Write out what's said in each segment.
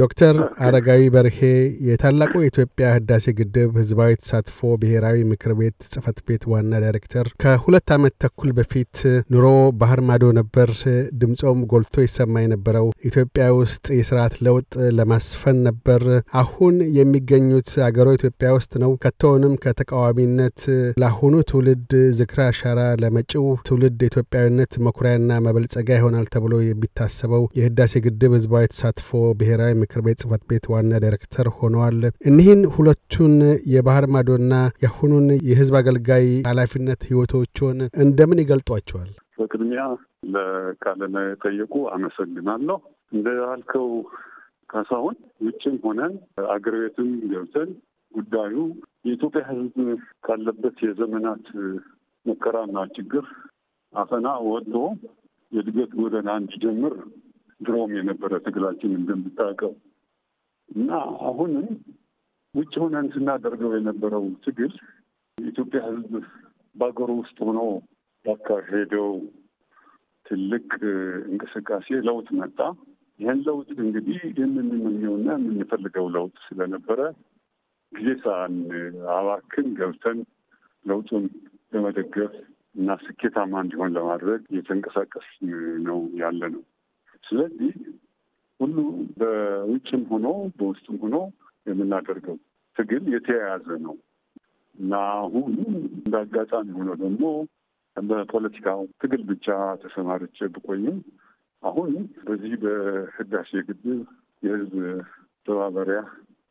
ዶክተር አረጋዊ በርሄ የታላቁ የኢትዮጵያ ህዳሴ ግድብ ህዝባዊ ተሳትፎ ብሔራዊ ምክር ቤት ጽህፈት ቤት ዋና ዳይሬክተር፣ ከሁለት ዓመት ተኩል በፊት ኑሮ ባህር ማዶ ነበር፣ ድምፆም ጎልቶ ይሰማ የነበረው ኢትዮጵያ ውስጥ የስርዓት ለውጥ ለማስፈን ነበር። አሁን የሚገኙት አገሮ ኢትዮጵያ ውስጥ ነው። ከቶውንም ከተቃዋሚነት ለአሁኑ ትውልድ ዝክረ አሻራ፣ ለመጪው ትውልድ ኢትዮጵያዊነት መኩሪያና መበልጸጋ ይሆናል ተብሎ የሚታሰበው የህዳሴ ግድብ ህዝባዊ ተሳትፎ ብሔራዊ ምክር ቤት ጽህፈት ቤት ዋና ዳይሬክተር ሆነዋል። እኒህን ሁለቱን የባህር ማዶና የአሁኑን የህዝብ አገልጋይ ኃላፊነት ህይወቶችን እንደምን ይገልጧቸዋል? በቅድሚያ ለቃለ የጠየቁ አመሰግናለሁ። እንደ ካሳሁን ውጭም ሆነን አገር ቤትም ገብተን ጉዳዩ የኢትዮጵያ ህዝብ ካለበት የዘመናት መከራና ችግር አፈና ወጥቶ የእድገት ጎደና እንዲጀምር ድሮም የነበረ ትግላችን እንደምታውቀው እና አሁንም ውጭ ሆነን ስናደርገው የነበረው ትግል የኢትዮጵያ ሕዝብ በሀገሩ ውስጥ ሆኖ ያካሄደው ትልቅ እንቅስቃሴ ለውጥ መጣ። ይህን ለውጥ እንግዲህ የምንመኘውና የምንፈልገው ለውጥ ስለነበረ ጊዜ ሳናባክን ገብተን ለውጡን ለመደገፍ እና ስኬታማ እንዲሆን ለማድረግ እየተንቀሳቀስ ነው ያለ ነው። ስለዚህ ሁሉ በውጭም ሆኖ በውስጥም ሆኖ የምናደርገው ትግል የተያያዘ ነው እና አሁን እንደ አጋጣሚ ሆኖ ደግሞ በፖለቲካው ትግል ብቻ ተሰማርቼ ብቆይም አሁን በዚህ በህዳሴ ግድብ የህዝብ ተባበሪያ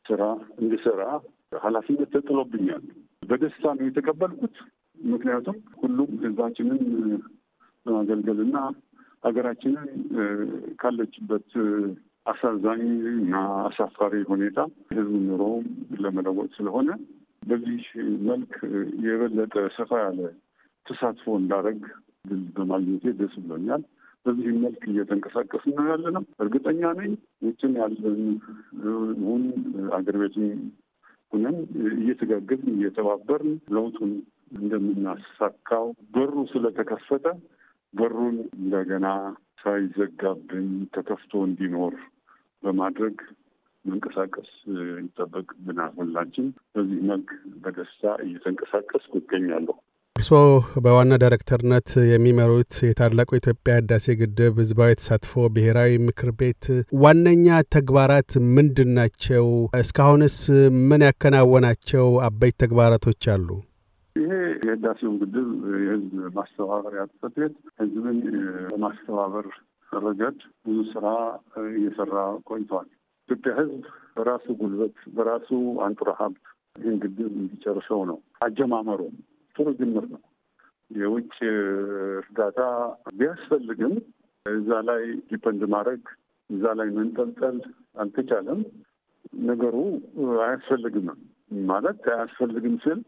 ስራ እንድሰራ ኃላፊነት ተጥሎብኛል። በደስታ ነው የተቀበልኩት። ምክንያቱም ሁሉም ህዝባችንን ለማገልገልና ሀገራችንን ካለችበት አሳዛኝ እና አሳፋሪ ሁኔታ ህዝብ ኑሮውም ለመለወጥ ስለሆነ በዚህ መልክ የበለጠ ሰፋ ያለ ተሳትፎ እንዳደረግ ድል በማግኘቴ ደስ ብሎኛል። በዚህ መልክ እየተንቀሳቀስ ነው ያለ ነው። እርግጠኛ ነኝ ውጭም ያለን ሁን አገር ቤትም ሁነን እየተጋገዝን እየተባበርን ለውጡን እንደምናሳካው በሩ ስለተከፈተ በሩን እንደገና ሳይዘጋብኝ ተከፍቶ እንዲኖር በማድረግ መንቀሳቀስ ይጠበቅብናል። ሁላችን በዚህ መልክ በደስታ እየተንቀሳቀስኩ እገኛለሁ። እርስዎ በዋና ዳይሬክተርነት የሚመሩት የታላቁ የኢትዮጵያ ህዳሴ ግድብ ህዝባዊ ተሳትፎ ብሔራዊ ምክር ቤት ዋነኛ ተግባራት ምንድን ናቸው? እስካሁንስ ምን ያከናወናቸው አበይት ተግባራቶች አሉ? የህዳሴውን ግድብ የህዝብ ማስተባበሪያ ጽሕፈት ቤት ህዝብን በማስተባበር ረገድ ብዙ ስራ እየሰራ ቆይቷል። ኢትዮጵያ ህዝብ በራሱ ጉልበት በራሱ አንጡረ ሀብት ይህን ግድብ እንዲጨርሰው ነው። አጀማመሩ ጥሩ ጅምር ነው። የውጭ እርዳታ ቢያስፈልግም እዛ ላይ ዲፐንድ ማድረግ እዛ ላይ መንጠልጠል አልተቻለም። ነገሩ አያስፈልግም ማለት አያስፈልግም ስል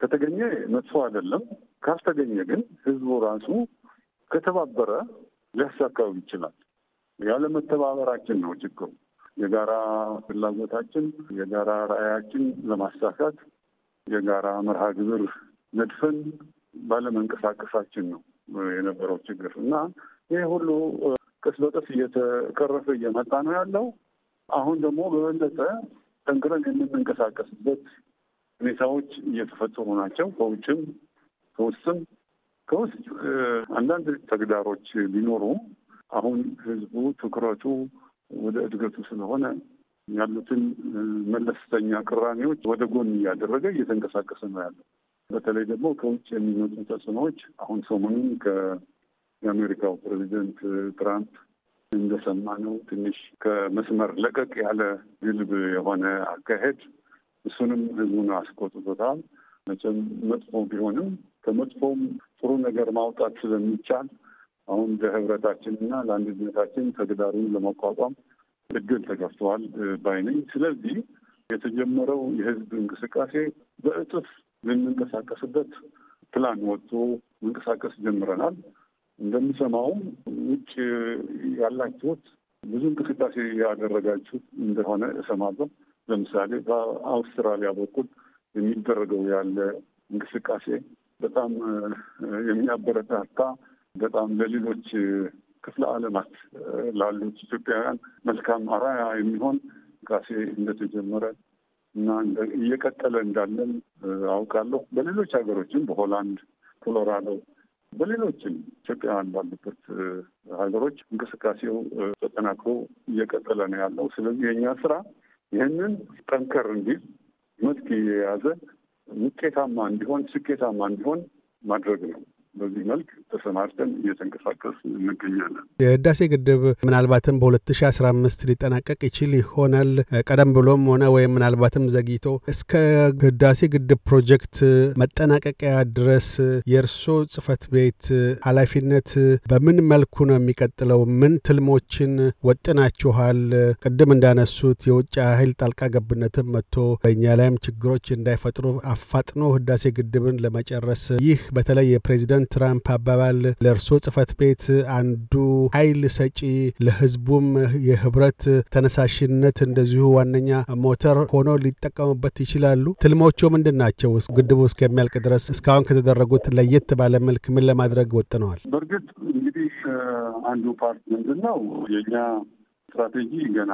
ከተገኘ መጥፎ አይደለም። ካልተገኘ ግን ህዝቡ ራሱ ከተባበረ ሊያሳካው ይችላል። ያለመተባበራችን ነው ችግሩ። የጋራ ፍላጎታችን፣ የጋራ ራዕያችን ለማሳካት የጋራ መርሃ ግብር ነድፈን ባለመንቀሳቀሳችን ነው የነበረው ችግር እና ይህ ሁሉ ቀስ በቀስ እየተቀረፈ እየመጣ ነው ያለው። አሁን ደግሞ በበለጠ ጠንክረን የምንንቀሳቀስበት ሁኔታዎች እየተፈጠሩ ናቸው። በውጭም ከውስጥም ከውስጥ አንዳንድ ተግዳሮች ቢኖሩ አሁን ህዝቡ ትኩረቱ ወደ እድገቱ ስለሆነ ያሉትን መለስተኛ ቅራኔዎች ወደ ጎን እያደረገ እየተንቀሳቀሰ ነው ያለው። በተለይ ደግሞ ከውጭ የሚመጡ ተጽዕኖዎች አሁን ሰሞኑን ከየአሜሪካው ፕሬዚደንት ትራምፕ እንደሰማነው ትንሽ ከመስመር ለቀቅ ያለ ግልብ የሆነ አካሄድ እሱንም ህዝቡን አስቆጥቶታል። መቼም መጥፎ ቢሆንም ከመጥፎም ጥሩ ነገር ማውጣት ስለሚቻል አሁን ለህብረታችንና ለአንድነታችን ተግዳሩን ለመቋቋም እድል ተከፍተዋል ባይነኝ ስለዚህ የተጀመረው የህዝብ እንቅስቃሴ በእጥፍ ልንንቀሳቀስበት ፕላን ወጥቶ መንቀሳቀስ ጀምረናል። እንደሚሰማው ውጭ ያላችሁት ብዙ እንቅስቃሴ ያደረጋችሁት እንደሆነ እሰማለሁ። ለምሳሌ በአውስትራሊያ በኩል የሚደረገው ያለ እንቅስቃሴ በጣም የሚያበረታታ በጣም ለሌሎች ክፍለ ዓለማት ላሉት ኢትዮጵያውያን መልካም አራያ የሚሆን እንቅስቃሴ እንደተጀመረ እና እየቀጠለ እንዳለን አውቃለሁ። በሌሎች ሀገሮችም በሆላንድ፣ ኮሎራዶ፣ በሌሎችም ኢትዮጵያውያን ባሉበት ሀገሮች እንቅስቃሴው ተጠናክሮ እየቀጠለ ነው ያለው። ስለዚህ የእኛ ስራ ይህንን ጠንከር እንዲል መልክ የያዘ ውጤታማ እንዲሆን ስኬታማ እንዲሆን ማድረግ ነው። በዚህ መልክ ተሰማርተን እየተንቀሳቀስ እንገኛለን። የህዳሴ ግድብ ምናልባትም በሁለት ሺ አስራ አምስት ሊጠናቀቅ ይችል ይሆናል ቀደም ብሎም ሆነ ወይም ምናልባትም ዘግይቶ እስከ ህዳሴ ግድብ ፕሮጀክት መጠናቀቂያ ድረስ የእርሶ ጽህፈት ቤት ኃላፊነት በምን መልኩ ነው የሚቀጥለው? ምን ትልሞችን ወጥናችኋል? ቅድም እንዳነሱት የውጭ ኃይል ጣልቃ ገብነትም መጥቶ በእኛ ላይም ችግሮች እንዳይፈጥሩ አፋጥኖ ህዳሴ ግድብን ለመጨረስ ይህ በተለይ የፕሬዚደንት ትራምፕ አባባል ለእርሶ ጽፈት ቤት አንዱ ኃይል ሰጪ ለህዝቡም የህብረት ተነሳሽነት እንደዚሁ ዋነኛ ሞተር ሆኖ ሊጠቀሙበት ይችላሉ። ትልሞቹ ምንድን ናቸው? ግድቡ እስከሚያልቅ ድረስ እስካሁን ከተደረጉት ለየት ባለ መልክ ምን ለማድረግ ወጥነዋል? በእርግጥ እንግዲህ አንዱ ፓርት ምንድን ነው የእኛ ስትራቴጂ ገና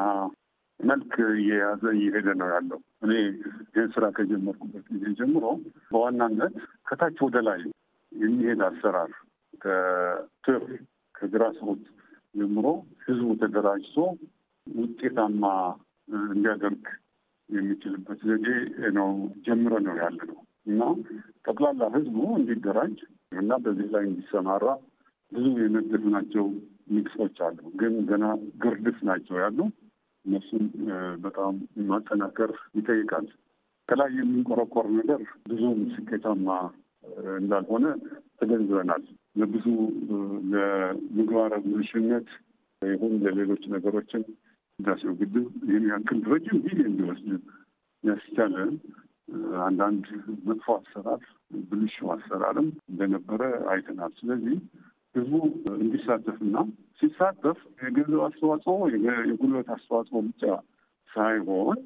መልክ እየያዘ እየሄደ ነው ያለው። እኔ ይህን ስራ ከጀመርኩበት ጊዜ ጀምሮ በዋናነት ከታች ወደ ላይ የሚሄድ አሰራር ከትር ከግራስሮት ጀምሮ ህዝቡ ተደራጅቶ ውጤታማ እንዲያደርግ የሚችልበት ዘዴ ነው ጀምረ ነው ያለ ነው እና ጠቅላላ ህዝቡ እንዲደራጅ እና በዚህ ላይ እንዲሰማራ ብዙ ናቸው ንቅሶች አሉ፣ ግን ገና ግርድፍ ናቸው ያሉ። እነሱም በጣም ማጠናከር ይጠይቃል። ከላይ የሚንቆረቆር ነገር ብዙም ስኬታማ እንዳልሆነ ተገንዝበናል። ለብዙ ለምግባረ ብልሽነት ይሁን ለሌሎች ነገሮችን ህዳሴው ግድብ ይህን ያክል ረጅም ጊዜ እንዲወስድ ያስቻለ አንዳንድ መጥፎ አሰራር፣ ብልሹ አሰራርም እንደነበረ አይተናል። ስለዚህ ህዝቡ እንዲሳተፍና ሲሳተፍ የገንዘብ አስተዋጽኦ የጉልበት አስተዋጽኦ ብቻ ሳይሆን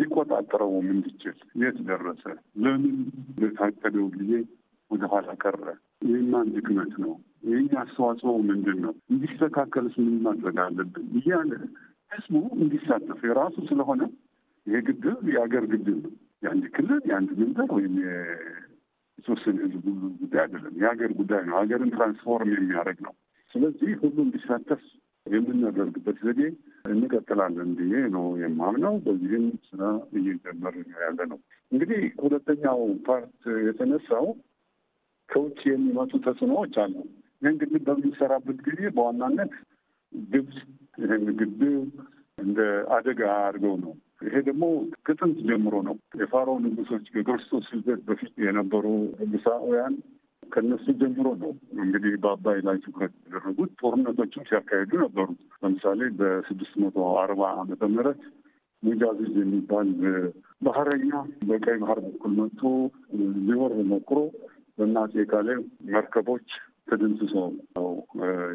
ሊቆጣጠረው ምንድችል የት ደረሰ? ለምን በታቀደው ጊዜ ወደኋላ ቀረ? የማን ድክመት ነው? ይህ አስተዋጽኦ ምንድን ነው? እንዲስተካከልስ ምን ማድረግ አለብን? እያለ ህዝቡ እንዲሳተፍ የራሱ ስለሆነ ይሄ ግድብ የአገር ግድብ ነው። የአንድ ክልል የአንድ መንደር ወይም የተወሰነ ህዝብ ጉዳይ አይደለም። የሀገር ጉዳይ ነው። ሀገርን ትራንስፎርም የሚያደርግ ነው። ስለዚህ ሁሉ እንዲሳተፍ የምናደርግበት ዘዴ እንቀጥላለን ብዬ ነው የማምነው። በዚህም ስራ እየጀመር ያለ ነው። እንግዲህ ሁለተኛው ፓርት የተነሳው ከውጭ የሚመጡ ተጽዕኖዎች አሉ። ይህ እንግዲህ በሚሰራበት ጊዜ በዋናነት ግብጽ ይህን ግድብ እንደ አደጋ አድርገው ነው። ይሄ ደግሞ ከጥንት ጀምሮ ነው። የፋሮ ንጉሶች ከክርስቶስ ልደት በፊት የነበሩ ንጉሳውያን ከነሱ ጀምሮ ነው እንግዲህ በአባይ ላይ ትኩረት ያደረጉት። ጦርነቶችም ሲያካሄዱ ነበሩ። ለምሳሌ በስድስት መቶ አርባ ዓመተ ምህረት ሙጃዚዝ የሚባል ባህረኛ በቀይ ባህር በኩል መጥቶ ሊወር ሞክሮ በእነ አጼ ካሌ መርከቦች ተደምስሶ ነው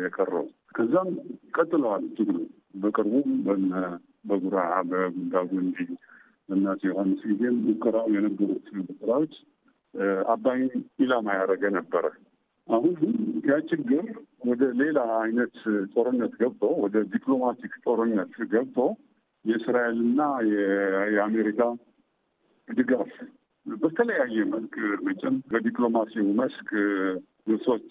የቀረው። ከዛም ቀጥለዋል ትግሉ። በቅርቡም በጉራ በጉንዳጉንዲ እናት ዮሐንስ ጊዜም ሙከራው የነበሩት ሙከራዎች አባይን ኢላማ ያደረገ ነበረ። አሁን ግን ያ ችግር ወደ ሌላ አይነት ጦርነት ገብቶ ወደ ዲፕሎማቲክ ጦርነት ገብቶ የእስራኤልና የአሜሪካ ድጋፍ በተለያየ መልክ መቼም በዲፕሎማሲው መስክ ልሶች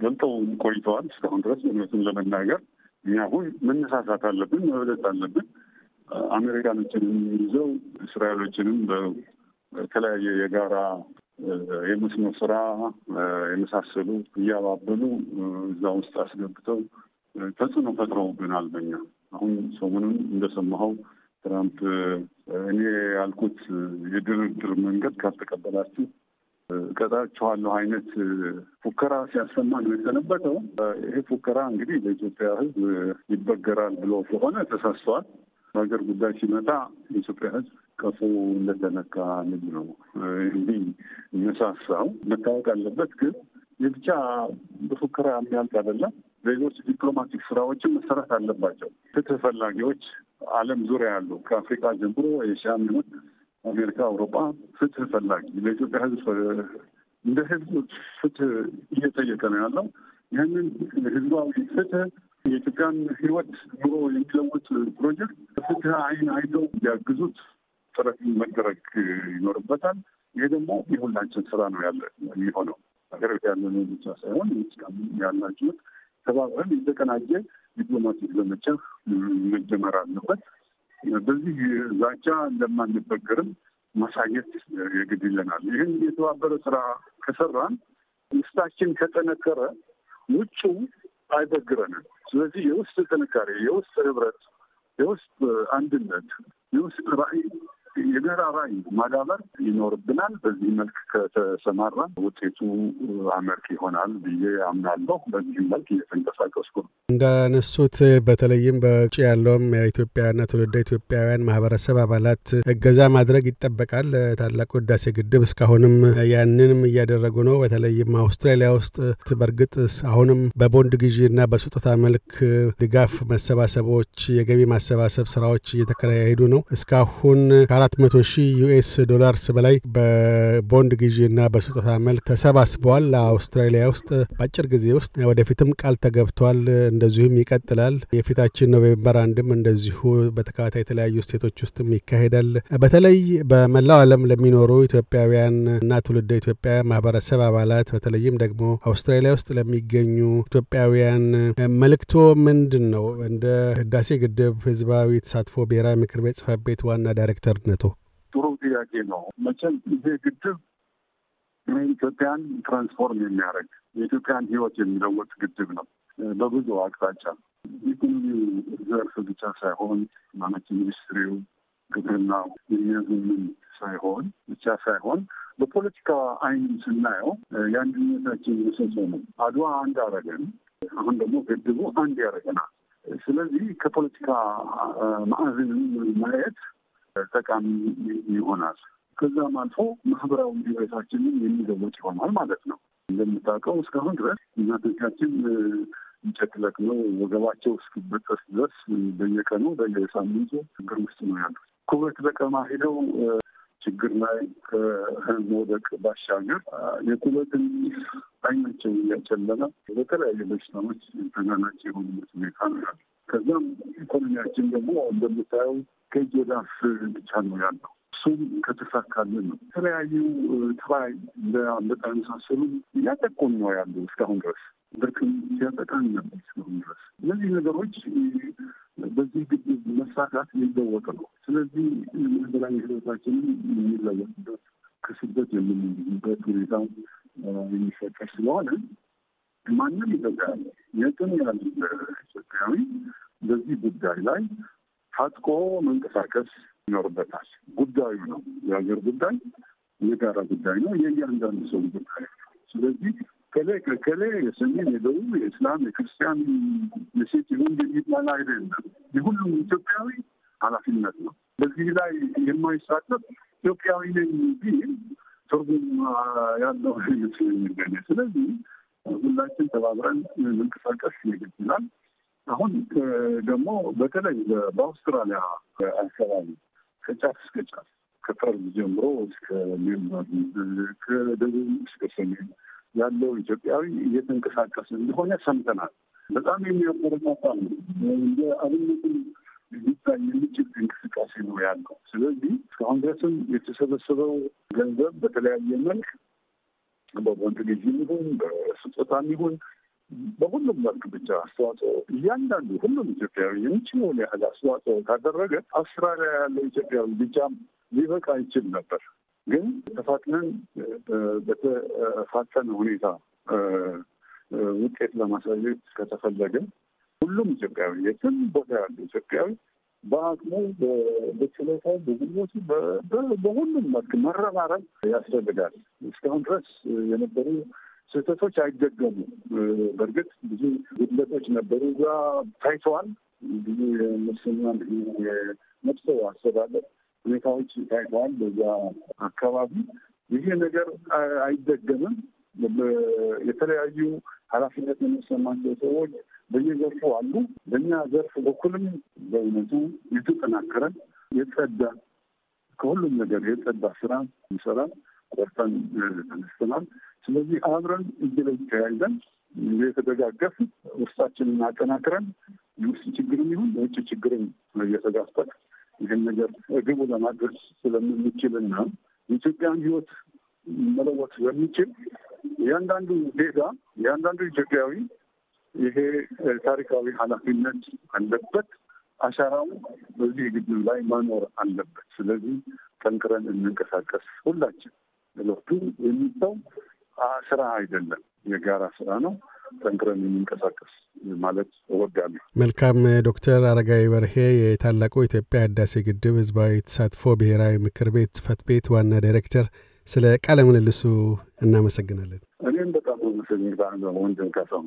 በልጠው ቆይተዋል እስካሁን ድረስ እውነቱን ለመናገር እኛ አሁን መነሳሳት አለብን፣ መብለጥ አለብን። አሜሪካኖችንም ይዘው እስራኤሎችንም በተለያየ የጋራ የመስኖ ስራ የመሳሰሉ እያባበሉ እዛ ውስጥ አስገብተው ተጽዕኖ ፈጥረውብናል በኛ። አሁን ሰሞኑን እንደሰማኸው ትራምፕ እኔ ያልኩት የድርድር መንገድ ካልተቀበላችሁ እቀጣችኋለሁ አይነት ፉከራ ሲያሰማ ነው የሰነበተው። ይሄ ፉከራ እንግዲህ ለኢትዮጵያ ሕዝብ ይበገራል ብሎ ከሆነ ተሳስተዋል። በሀገር ጉዳይ ሲመጣ የኢትዮጵያ ሕዝብ ከፉ እንደተነካ ልጅ ነው የሚሳሳው። መታወቅ አለበት ግን የብቻ በፉከራ የሚያልቅ አይደለም። ሌሎች ዲፕሎማቲክ ስራዎችን መሰራት አለባቸው። ፍትህ ፈላጊዎች ዓለም ዙሪያ ያሉ ከአፍሪካ ጀምሮ ኤሽያ ሚሆን አሜሪካ፣ አውሮፓ ፍትህ ፈላጊ ለኢትዮጵያ ሕዝብ እንደ ሕዝብ ፍትህ እየጠየቀ ነው ያለው። ይህንን ህዝባዊ ፍትህ የኢትዮጵያን ሕይወት ኑሮ የሚለውጥ ፕሮጀክት ፍትህ አይን አይተው ሊያግዙት። ጥረት መደረግ ይኖርበታል። ይህ ደግሞ የሁላችን ስራ ነው ያለ የሚሆነው ሀገር ቤት ያለን ብቻ ሳይሆን ያላችሁት ተባብረን የተቀናጀ ዲፕሎማቲክ ዘመቻ መጀመር አለበት። በዚህ ዛቻ እንደማንበገርም ማሳየት የግድ ይለናል። ይህን የተባበረ ስራ ከሰራን ውስጣችን ከጠነከረ ውጩ አይበግረንም። ስለዚህ የውስጥ ጥንካሬ፣ የውስጥ ህብረት፣ የውስጥ አንድነት፣ የውስጥ ራዕይ የተራራይ ማዳበር ይኖርብናል። በዚህ መልክ ከተሰማራ ውጤቱ አመርክ ይሆናል ብዬ አምናለሁ። በዚህም መልክ እየተንቀሳቀስኩ ነው። እንዳነሱት በተለይም በውጭ ያለውም የኢትዮጵያና ትውልደ ኢትዮጵያውያን ማህበረሰብ አባላት እገዛ ማድረግ ይጠበቃል። ታላቁ ህዳሴ ግድብ እስካሁንም ያንንም እያደረጉ ነው። በተለይም አውስትራሊያ ውስጥ በእርግጥ አሁንም በቦንድ ግዢ እና በስጦታ መልክ ድጋፍ መሰባሰቦች፣ የገቢ ማሰባሰብ ስራዎች እየተካሄዱ ነው እስካሁን 400,000 ሺህ ዩኤስ ዶላርስ በላይ በቦንድ ግዢና በስጦታ መልክ ተሰባስበዋል። አውስትራሊያ ውስጥ በአጭር ጊዜ ውስጥ ወደፊትም ቃል ተገብቷል፣ እንደዚሁም ይቀጥላል። የፊታችን ኖቬምበር አንድም እንደዚሁ በተከታታይ የተለያዩ ስቴቶች ውስጥም ይካሄዳል። በተለይ በመላው ዓለም ለሚኖሩ ኢትዮጵያውያን እና ትውልደ ኢትዮጵያ ማህበረሰብ አባላት በተለይም ደግሞ አውስትራሊያ ውስጥ ለሚገኙ ኢትዮጵያውያን መልእክቶ ምንድን ነው? እንደ ህዳሴ ግድብ ህዝባዊ ተሳትፎ ብሔራዊ ምክር ቤት ጽህፈት ቤት ዋና ዳይሬክተር ነቶ? ጥሩ ጥያቄ ነው። መቼም ይሄ ግድብ ኢትዮጵያን ትራንስፎርም የሚያደርግ የኢትዮጵያን ሕይወት የሚለወጥ ግድብ ነው በብዙ አቅጣጫ ኢኮኖሚው ዘርፍ ብቻ ሳይሆን ማለት ኢንዱስትሪው፣ ግብርናው የሚያዝምን ሳይሆን ብቻ ሳይሆን በፖለቲካ አይን ስናየው የአንድነታችን ምሰሶ ነው። አድዋ አንድ አረገን፣ አሁን ደግሞ ግድቡ አንድ ያደረገናል። ስለዚህ ከፖለቲካ ማዕዘን ማየት ጠቃሚ ይሆናል። ከዛም አልፎ ማህበራዊ ህይወታችንን የሚለወጥ ይሆናል ማለት ነው። እንደምታውቀው እስካሁን ድረስ እናቶቻችን እንጨት ለቅመው ወገባቸው እስኪበጠስ ድረስ በየቀኑ በየሳምንቱ ችግር ውስጥ ነው ያሉት። ኩበት ለቀማ ሄደው ችግር ላይ ከህልም ወደቅ ባሻገር የኩበትን አይናቸው እያጨለመ በተለያዩ በሽታዎች ተጋላጭ የሆኑበት ሁኔታ ነው ያለው። ከዛም ኢኮኖሚያችን ደግሞ እንደምታየው ከእጅ ወደ አፍ ብቻ ነው ያለው። እሱም ከተሳካልን ነው የተለያዩ ተባይ እንደ አንበጣ የመሳሰሉ እያጠቁን ነው ያሉ እስካሁን ድረስ ብርቅም ሲያጠቃን ነበር እስካሁን ድረስ። እነዚህ ነገሮች በዚህ ግድብ መሳካት ሊለወጥ ነው። ስለዚህ ማህበራዊ ህይወታችንን የሚለወጥበት ከስደት የምንበት ሁኔታ የሚፈጠር ስለሆነ ማንም ኢትዮጵያ የትም የትኛውም ኢትዮጵያዊ በዚህ ጉዳይ ላይ ታጥቆ መንቀሳቀስ ይኖርበታል። ጉዳዩ ነው የሀገር ጉዳይ፣ የጋራ ጉዳይ ነው፣ የእያንዳንዱ ሰው ጉዳይ ስለዚህ ከሌ ከከሌ የሰሜን የደቡብ የእስላም የክርስቲያን የሴት ይሁን የሚባል አይደለም። የሁሉም ኢትዮጵያዊ ኃላፊነት ነው። በዚህ ላይ የማይሳተፍ ኢትዮጵያዊ ነኝ ቢል ትርጉም ያለው ይመስለኛል። ስለዚህ ሁላችን ተባብረን መንቀሳቀስ የግድ አሁን ደግሞ በተለይ በአውስትራሊያ አካባቢ ከጫፍ እስከ ጫፍ ከጠርዝ ጀምሮ እስከ ሜልበርን ከደቡብ እስከ ሰሜን ያለው ኢትዮጵያዊ እየተንቀሳቀስ እንደሆነ ሰምተናል። በጣም የሚያበረታታ ነው። እንደ አብነትም ሊታይ የሚችል እንቅስቃሴ ነው ያለው። ስለዚህ እስካሁን ድረስም የተሰበሰበው ገንዘብ በተለያየ መልክ በቦንድ ግዢም ይሁን በስጦታም ይሁን በሁሉም መልክ ብቻ አስተዋጽኦ እያንዳንዱ ሁሉም ኢትዮጵያዊ የሚችለውን ያህል አስተዋጽኦ ካደረገ አውስትራሊያ ያለው ኢትዮጵያዊ ብቻም ሊበቃ ይችል ነበር። ግን ተፋጥነን በተፋጠነ ሁኔታ ውጤት ለማሳየት ከተፈለገ ሁሉም ኢትዮጵያዊ የትም ቦታ ያለ ኢትዮጵያዊ በአቅሙ በችሎታ በጉልበቱ በሁሉም መልክ መረባረብ ያስፈልጋል። እስካሁን ድረስ የነበሩ ስህተቶች አይደገሙ። በእርግጥ ብዙ ጉድለቶች ነበሩ እዛ ታይተዋል። ብዙ የሙስና የመጥፎ አስተዳደር ሁኔታዎች ታይተዋል በዛ አካባቢ። ይሄ ነገር አይደገምም። የተለያዩ ኃላፊነት የሚሰማቸው ሰዎች በየዘርፉ አሉ። በእኛ ዘርፍ በኩልም በእውነቱ የተጠናከረ የጸዳ ከሁሉም ነገር የጸዳ ስራ እንሰራ ቆርጠን ተነስተናል። ስለዚህ አብረን እጅ ለእጅ ተያይዘን እየተደጋገፍ ውስጣችንን አጠናክረን የውስጥ ችግርም ይሁን የውጭ ችግርም እየተጋፈጥ ይህን ነገር ግቡ ለማድረስ ስለምንችልና የኢትዮጵያን ሕይወት መለወጥ ስለሚችል እያንዳንዱ ዜጋ እያንዳንዱ ኢትዮጵያዊ ይሄ ታሪካዊ ኃላፊነት አለበት። አሻራው በዚህ ግድብ ላይ መኖር አለበት። ስለዚህ ጠንክረን እንንቀሳቀስ ሁላችን። ለቱ የሚሰው ስራ አይደለም፣ የጋራ ስራ ነው። ጠንክረን የምንቀሳቀስ ማለት እወዳለሁ። መልካም ዶክተር አረጋዊ በርሄ የታላቁ ኢትዮጵያ ህዳሴ ግድብ ህዝባዊ ተሳትፎ ብሔራዊ ምክር ቤት ጽህፈት ቤት ዋና ዳይሬክተር፣ ስለ ቃለ ምልልሱ እናመሰግናለን። እኔም በጣም መሰግኝ ወንድም ካሳሁን